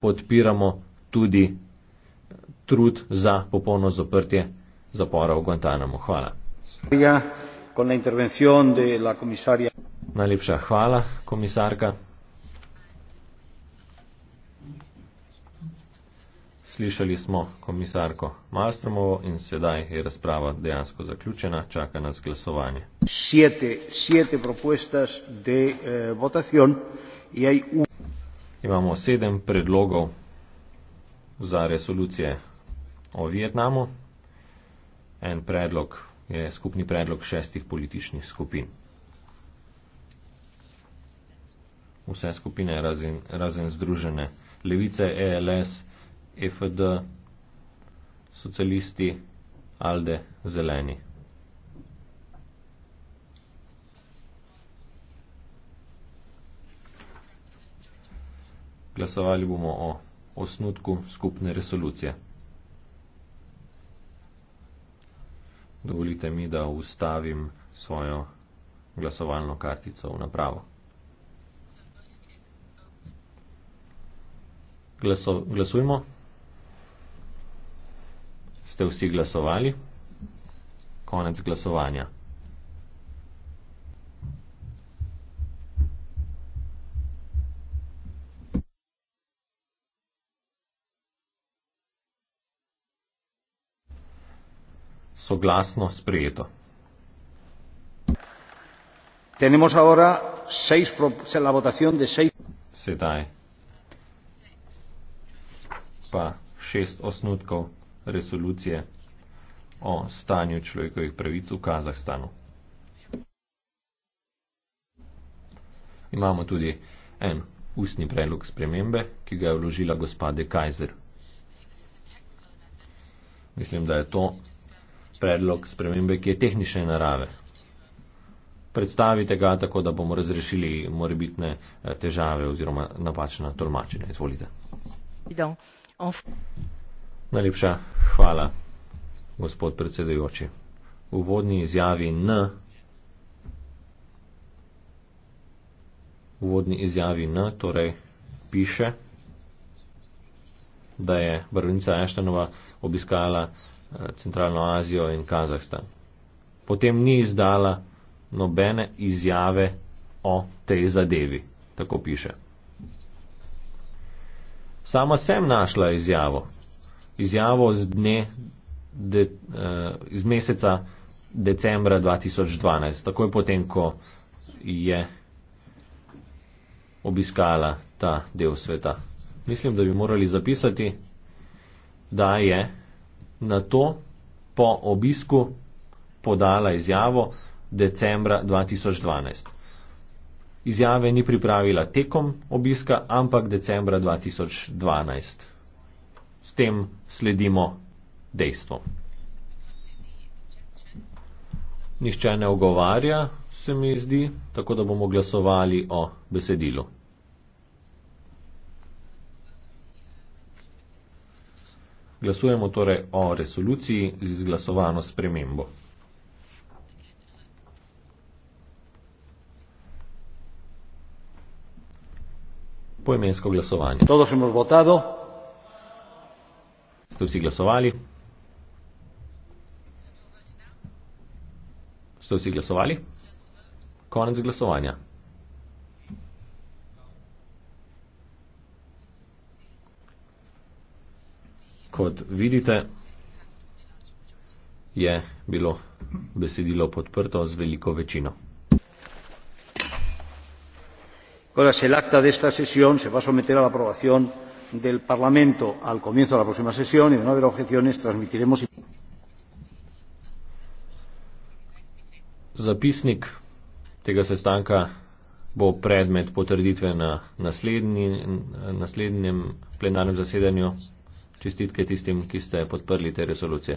podpiramo tudi trud za popolno zaprtje zapora v Guantanamo. Hvala. Najlepša hvala, komisarka. Slišali smo komisarko Malstromovo in sedaj je razprava dejansko zaključena, čaka nas glasovanje. Siete, siete imamo sedem predlogov za resolucije o Vietnamu. En predlog je skupni predlog šestih političnih skupin. Vse skupine razen, razen združene levice, ELS, EFD, socialisti, ALDE, zeleni. glasovali bomo o osnutku skupne resolucije. Dovolite mi, da ustavim svojo glasovalno kartico v napravo. Glaso, glasujmo. Ste vsi glasovali? Konec glasovanja. soglasno sprejeto. Sedaj pa šest osnutkov resolucije o stanju človekovih pravic v Kazahstanu. Imamo tudi en ustni predlog spremembe, ki ga je vložila gospa De Kajzer. Mislim, da je to predlog spremembe, ki je tehnične narave. Predstavite ga tako, da bomo razrešili morebitne eh, težave oziroma napačne tolmačenje. Izvolite. Najlepša hvala, gospod predsedujoči. V uvodni izjavi N. V uvodni izjavi N torej piše, da je Brnica Eštenova obiskala Centralno Azijo in Kazahstan. Potem ni izdala nobene izjave o tej zadevi, tako piše. Sama sem našla izjavo, izjavo z, dne, de, uh, eh, z meseca decembra 2012, takoj potem, ko je obiskala ta del sveta. Mislim, da bi morali zapisati, da je na to po obisku podala izjavo decembra 2012. Izjave ni pripravila tekom obiska, ampak decembra 2012. S tem sledimo dejstvom. Nihče ne ogovarja, se mi zdi, tako da bomo glasovali o besedilu. Glasujemo torej o resoluciji z izglasovano spremembo. Poimensko glasovanje. Ste vsi glasovali? Ste vsi glasovali? Konec glasovanja. kot vidite, je bilo besedilo podprto z veliko večino. Ahora, el acta de esta sesión se va a someter a la aprobación del Parlamento al comienzo de la próxima sesión y, de no haber objeciones, transmitiremos. Zapisnik tega sestanka bo predmet potrditve na naslednji, naslednjem plenarnem zasedanju čestitke tistim, ki ste podprli te resolucije.